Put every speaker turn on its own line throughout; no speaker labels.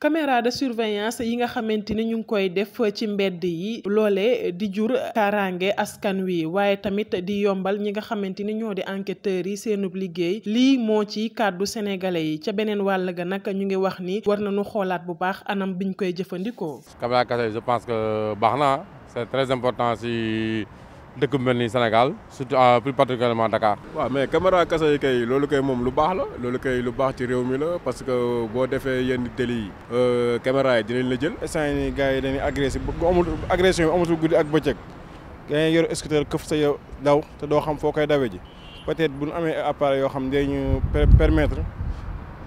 caméra de surveillance yi nga xamante ni ñu ngi koy def ci mbedd yi loole di jur kaaraange askan wi waaye tamit di yombal ñi nga xamante ni ñoo di enqueteur yi seenub liggéey lii moo ci kàddu sénégalais yi ca beneen wàll ga nag ñu ngi wax ni war nañu xoolaat bu baax anam biñ koy jëfandikoo.
caméra cachée je pense que baax na c'est très important si. dëkk bu mel ni Sénégal surtout euh, plus particulièrement Dakar.
waaw mais caméra kasa loolu kay moom lu baax la loolu kay lu baax ci réew mi la parce que boo defee yenn délit yi. Euh, caméra yi dinañ la jël. instant yii nii gars yi dañuy agressé bu amul agression yi amatul ak bëccëg yaa ngi yor scooter këf sa daw te doo xam foo koy dawee ji peut-être bu ñu amee appareil yoo xam ne ñu permettre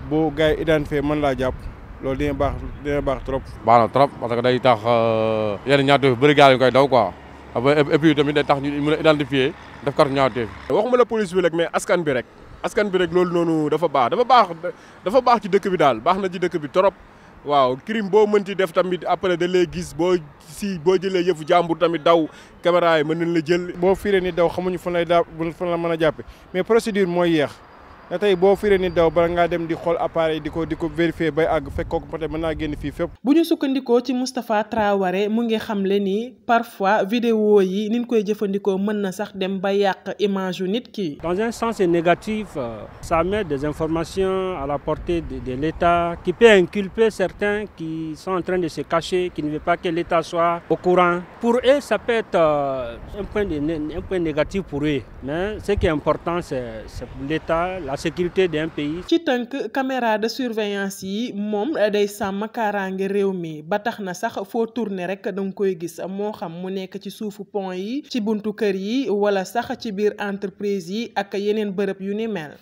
boo gars yi identifié mën laa jàpp. loolu dina baax dina baax trop.
baax na trop parce que day tax euh, yenn ñaata yu bëri gars yi koy daw quoi. et puis tamit day tax ñu mën a identifier def katu ñaawteef
waxuma la police bi rek mais askan bi rek askan bi rek loolu noonu dafa baax dafa baax dafa baax ci dëkk bi daal baax na ci dëkk bi trop waaw crime boo mën ci def tamit après da lay gis boo si boo jëlee yëfu jàmbur tamit daw caméra yi mën nañ la jël boo fiiree ni daw xamuñu fan lay daa fan la a jàppe mais procédure mooy yéex te tey boo firee ni daw bala ngaa dem di xool appareil di ko di ko vérifier bay àgg fekk kooku peut-être mën naa génn fii fépp.
bu ñu sukkandikoo ci Moustapha Traoré mu ngi xamle ni parfois vidéo yi ni ñu koy jëfandikoo mën na sax dem ba yàq image nit ki.
dans un sens c'est négatif euh, ça met des informations à la portée de de l'État qui peut inculper certains qui sont en train de se cacher qui ne veulent pas que l'État soit au courant pour eux ça peut euh, un point négatif pour eux mais ce qui est
sécurité d'un pays. ci tënk caméra de surveillance yi moom day sàmm kaaraange réew mi ba tax na sax foo tourné rekk danga koy gis moo xam mu nekk ci suufu pont yi ci buntu kër yi wala sax ci biir entreprise yi ak yeneen bërëb yu ni mel.